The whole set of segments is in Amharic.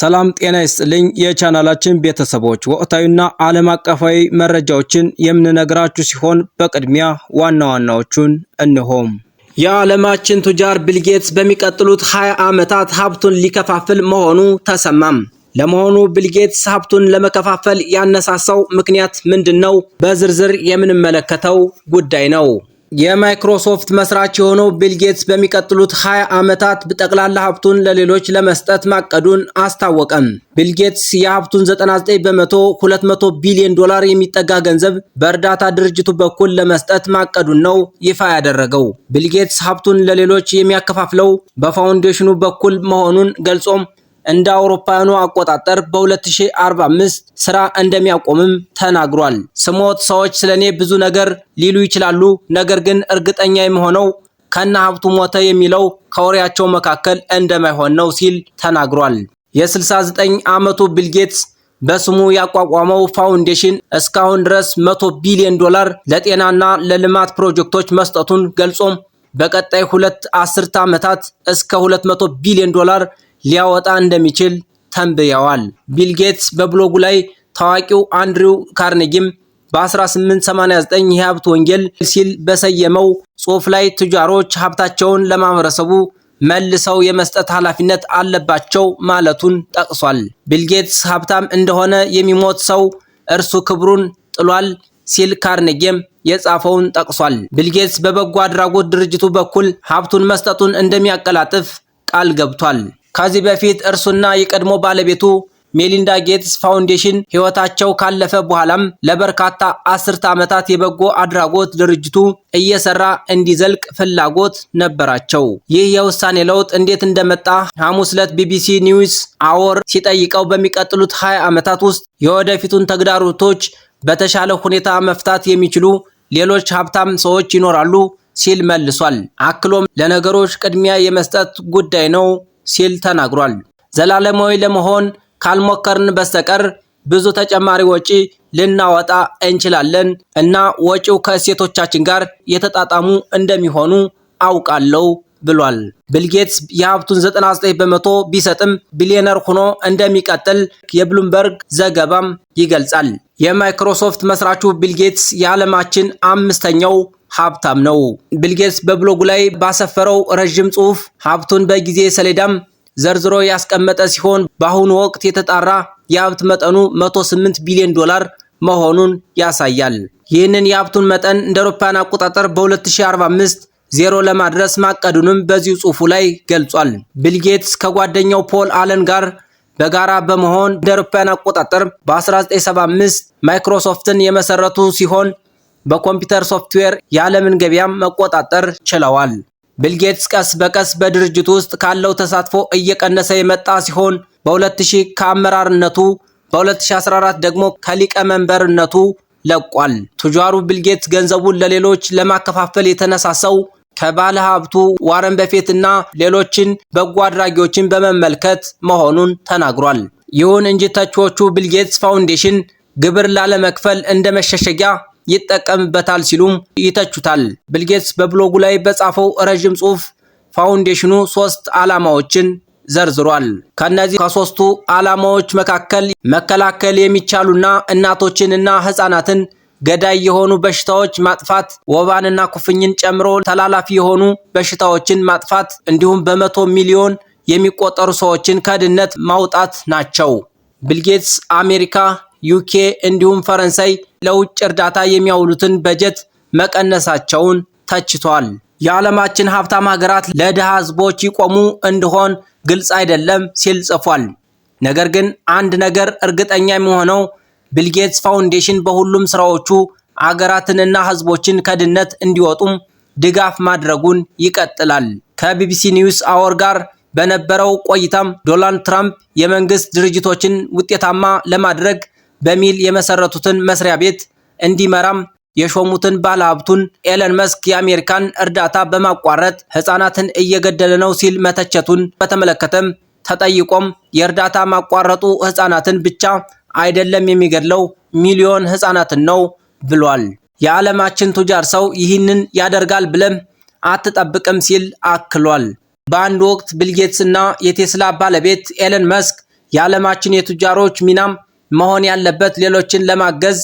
ሰላም ጤና ይስጥልኝ የቻናላችን ቤተሰቦች፣ ወቅታዊና ዓለም አቀፋዊ መረጃዎችን የምንነግራችሁ ሲሆን በቅድሚያ ዋና ዋናዎቹን እንሆም። የዓለማችን ቱጃር ቢልጌትስ በሚቀጥሉት 20 ዓመታት ሀብቱን ሊከፋፍል መሆኑ ተሰማም። ለመሆኑ ቢልጌትስ ሀብቱን ለመከፋፈል ያነሳሳው ምክንያት ምንድን ነው? በዝርዝር የምንመለከተው ጉዳይ ነው። የማይክሮሶፍት መስራች የሆነው ቢል ጌትስ በሚቀጥሉት 20 ዓመታት ጠቅላላ ሀብቱን ለሌሎች ለመስጠት ማቀዱን አስታወቀም። ቢል ጌትስ የሀብቱን 99 በመቶ 200 ቢሊዮን ዶላር የሚጠጋ ገንዘብ በእርዳታ ድርጅቱ በኩል ለመስጠት ማቀዱን ነው ይፋ ያደረገው። ቢል ጌትስ ሀብቱን ለሌሎች የሚያከፋፍለው በፋውንዴሽኑ በኩል መሆኑን ገልጾም እንደ አውሮፓውያኑ አቆጣጠር በ2045 ስራ እንደሚያቆምም ተናግሯል። ስሞት ሰዎች ስለ እኔ ብዙ ነገር ሊሉ ይችላሉ፣ ነገር ግን እርግጠኛ የሚሆነው ከነ ሀብቱ ሞተ የሚለው ከወሬያቸው መካከል እንደማይሆን ነው ሲል ተናግሯል። የ69 ዓመቱ ቢልጌትስ በስሙ ያቋቋመው ፋውንዴሽን እስካሁን ድረስ 100 ቢሊዮን ዶላር ለጤናና ለልማት ፕሮጀክቶች መስጠቱን ገልጾም በቀጣይ ሁለት አስርተ ዓመታት እስከ 200 ቢሊዮን ዶላር ሊያወጣ እንደሚችል ተንብየዋል። ቢል ጌትስ በብሎጉ ላይ ታዋቂው አንድሪው ካርኔጊም በ1889 የሀብት ወንጌል ሲል በሰየመው ጽሑፍ ላይ ቱጃሮች ሀብታቸውን ለማህበረሰቡ መልሰው የመስጠት ኃላፊነት አለባቸው ማለቱን ጠቅሷል። ጌትስ ሀብታም እንደሆነ የሚሞት ሰው እርሱ ክብሩን ጥሏል ሲል ካርኔጌም የጻፈውን ጠቅሷል። ጌትስ በበጎ አድራጎት ድርጅቱ በኩል ሀብቱን መስጠቱን እንደሚያቀላጥፍ ቃል ገብቷል። ከዚህ በፊት እርሱና የቀድሞ ባለቤቱ ሜሊንዳ ጌትስ ፋውንዴሽን ሕይወታቸው ካለፈ በኋላም ለበርካታ አስርተ ዓመታት የበጎ አድራጎት ድርጅቱ እየሰራ እንዲዘልቅ ፍላጎት ነበራቸው። ይህ የውሳኔ ለውጥ እንዴት እንደመጣ ሐሙስ ዕለት ቢቢሲ ኒውስ አወር ሲጠይቀው በሚቀጥሉት 20 ዓመታት ውስጥ የወደፊቱን ተግዳሮቶች በተሻለ ሁኔታ መፍታት የሚችሉ ሌሎች ሀብታም ሰዎች ይኖራሉ ሲል መልሷል። አክሎም ለነገሮች ቅድሚያ የመስጠት ጉዳይ ነው ሲል ተናግሯል። ዘላለማዊ ለመሆን ካልሞከርን በስተቀር ብዙ ተጨማሪ ወጪ ልናወጣ እንችላለን እና ወጪው ከእሴቶቻችን ጋር የተጣጣሙ እንደሚሆኑ አውቃለሁ ብሏል። ቢልጌትስ የሀብቱን 99 በመቶ ቢሰጥም ቢሊዮነር ሆኖ እንደሚቀጥል የብሉምበርግ ዘገባም ይገልጻል። የማይክሮሶፍት መስራቹ ቢልጌትስ የዓለማችን አምስተኛው ሀብታም ነው። ቢልጌትስ በብሎጉ ላይ ባሰፈረው ረዥም ጽሑፍ ሀብቱን በጊዜ ሰሌዳም ዘርዝሮ ያስቀመጠ ሲሆን በአሁኑ ወቅት የተጣራ የሀብት መጠኑ 108 ቢሊዮን ዶላር መሆኑን ያሳያል። ይህንን የሀብቱን መጠን እንደ አውሮፓውያን አቆጣጠር በ2045 ዜሮ ለማድረስ ማቀዱንም በዚሁ ጽሑፉ ላይ ገልጿል። ቢልጌትስ ከጓደኛው ፖል አለን ጋር በጋራ በመሆን እንደ አውሮፓውያን አቆጣጠር በ1975 ማይክሮሶፍትን የመሰረቱ ሲሆን በኮምፒውተር ሶፍትዌር የዓለምን ገበያም መቆጣጠር ችለዋል። ጌትስ ቀስ በቀስ በድርጅቱ ውስጥ ካለው ተሳትፎ እየቀነሰ የመጣ ሲሆን በ2000 ከአመራርነቱ በ2014 ደግሞ ከሊቀመንበርነቱ ለቋል። ቱጃሩ ጌትስ ገንዘቡን ለሌሎች ለማከፋፈል የተነሳሰው ከባለሀብቱ ዋረን በፌት እና ሌሎችን በጎ አድራጊዎችን በመመልከት መሆኑን ተናግሯል። ይሁን እንጂ ተቺዎቹ ጌትስ ፋውንዴሽን ግብር ላለመክፈል እንደ መሸሸጊያ ይጠቀምበታል ሲሉም ይተቹታል። ቢልጌትስ በብሎጉ ላይ በጻፈው ረዥም ጽሑፍ ፋውንዴሽኑ ሶስት ዓላማዎችን ዘርዝሯል። ከእነዚህ ከሶስቱ ዓላማዎች መካከል መከላከል የሚቻሉና እናቶችንና ሕፃናትን ገዳይ የሆኑ በሽታዎች ማጥፋት፣ ወባንና ኩፍኝን ጨምሮ ተላላፊ የሆኑ በሽታዎችን ማጥፋት እንዲሁም በመቶ ሚሊዮን የሚቆጠሩ ሰዎችን ከድህነት ማውጣት ናቸው። ቢልጌትስ አሜሪካ ዩኬ እንዲሁም ፈረንሳይ ለውጭ እርዳታ የሚያውሉትን በጀት መቀነሳቸውን ተችቷል። የዓለማችን ሀብታም ሀገራት ለድሃ ህዝቦች ይቆሙ እንደሆን ግልጽ አይደለም ሲል ጽፏል። ነገር ግን አንድ ነገር እርግጠኛ የሚሆነው ቢልጌትስ ፋውንዴሽን በሁሉም ስራዎቹ አገራትንና ህዝቦችን ከድነት እንዲወጡም ድጋፍ ማድረጉን ይቀጥላል። ከቢቢሲ ኒውስ አወር ጋር በነበረው ቆይታም ዶናልድ ትራምፕ የመንግስት ድርጅቶችን ውጤታማ ለማድረግ በሚል የመሰረቱትን መስሪያ ቤት እንዲመራም የሾሙትን ባለሀብቱን ኤለን መስክ የአሜሪካን እርዳታ በማቋረጥ ህፃናትን እየገደለ ነው ሲል መተቸቱን በተመለከተም ተጠይቆም የእርዳታ ማቋረጡ ሕፃናትን ብቻ አይደለም የሚገድለው ሚሊዮን ሕፃናትን ነው ብሏል። የዓለማችን ቱጃር ሰው ይህንን ያደርጋል ብለም አትጠብቅም ሲል አክሏል። በአንድ ወቅት ቢልጌትስ እና የቴስላ ባለቤት ኤለን መስክ የዓለማችን የቱጃሮች ሚናም መሆን ያለበት ሌሎችን ለማገዝ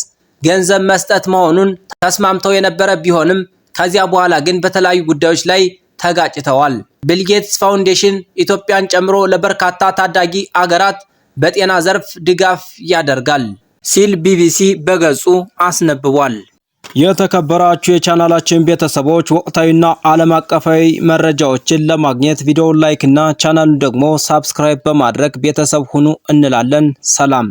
ገንዘብ መስጠት መሆኑን ተስማምተው የነበረ ቢሆንም ከዚያ በኋላ ግን በተለያዩ ጉዳዮች ላይ ተጋጭተዋል። ቢልጌትስ ፋውንዴሽን ኢትዮጵያን ጨምሮ ለበርካታ ታዳጊ አገራት በጤና ዘርፍ ድጋፍ ያደርጋል ሲል ቢቢሲ በገጹ አስነብቧል። የተከበራችሁ የቻናላችን ቤተሰቦች ወቅታዊና ዓለም አቀፋዊ መረጃዎችን ለማግኘት ቪዲዮውን ላይክ እና ቻናሉን ደግሞ ሳብስክራይብ በማድረግ ቤተሰብ ሁኑ እንላለን። ሰላም